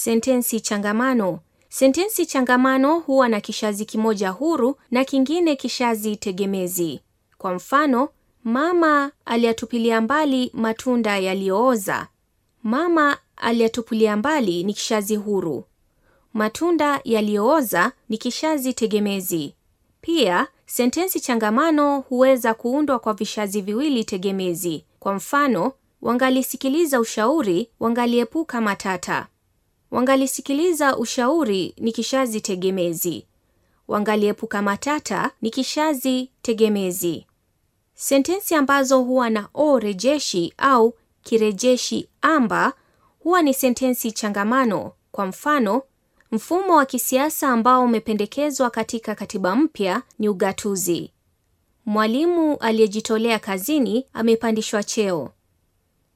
Sentensi changamano. Sentensi changamano huwa na kishazi kimoja huru na kingine kishazi tegemezi. Kwa mfano, mama aliyatupilia mbali matunda yaliyooza. Mama aliyatupilia mbali ni kishazi huru. Matunda yaliyooza ni kishazi tegemezi. Pia sentensi changamano huweza kuundwa kwa vishazi viwili tegemezi. Kwa mfano, wangalisikiliza ushauri, wangaliepuka matata wangalisikiliza ushauri ni kishazi tegemezi, wangaliepuka matata ni kishazi tegemezi. Sentensi ambazo huwa na o rejeshi au kirejeshi amba huwa ni sentensi changamano. Kwa mfano, mfumo wa kisiasa ambao umependekezwa katika katiba mpya ni ugatuzi. Mwalimu aliyejitolea kazini amepandishwa cheo.